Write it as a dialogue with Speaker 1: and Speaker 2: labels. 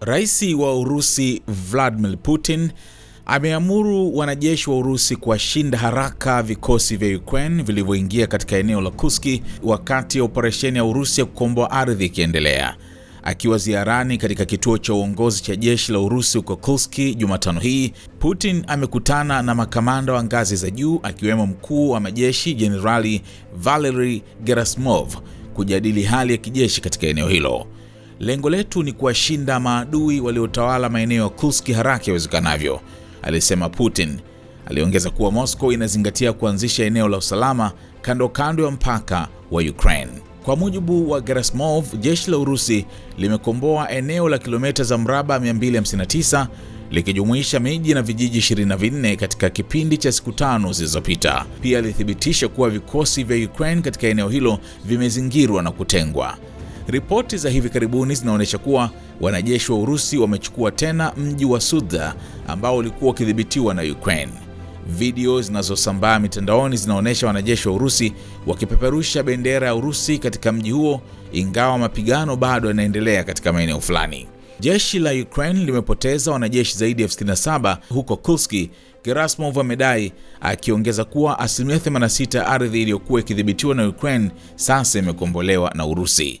Speaker 1: Rais wa Urusi Vladimir Putin ameamuru wanajeshi wa Urusi kuwashinda haraka vikosi vya Ukraine vilivyoingia katika eneo la Kuski wakati operesheni ya Urusi ya kukomboa ardhi ikiendelea. Akiwa ziarani katika kituo cha uongozi cha jeshi la Urusi huko kuski Jumatano hii, Putin amekutana na makamanda wa ngazi za juu akiwemo mkuu wa majeshi Jenerali Valery Gerasimov kujadili hali ya kijeshi katika eneo hilo. Lengo letu ni kuwashinda maadui waliotawala maeneo ya Kursk haraka iwezekanavyo, alisema Putin. Aliongeza kuwa Moscow inazingatia kuanzisha eneo la usalama kando kando ya mpaka wa Ukraine. Kwa mujibu wa Gerasimov, jeshi la Urusi limekomboa eneo la kilomita za mraba 259 likijumuisha miji na vijiji 24 katika kipindi cha siku tano zilizopita. Pia alithibitisha kuwa vikosi vya Ukraine katika eneo hilo vimezingirwa na kutengwa. Ripoti za hivi karibuni zinaonyesha kuwa wanajeshi wa Urusi wamechukua tena mji wa Sudha ambao ulikuwa ukidhibitiwa na Ukraine. Video zinazosambaa mitandaoni zinaonyesha wanajeshi wa Urusi wakipeperusha bendera ya Urusi katika mji huo, ingawa mapigano bado yanaendelea katika maeneo fulani. Jeshi la Ukraine limepoteza wanajeshi zaidi ya 67 huko Kursk, Gerasimov amedai akiongeza kuwa asilimia 86 ya ardhi iliyokuwa ikidhibitiwa na Ukraine sasa imekombolewa na Urusi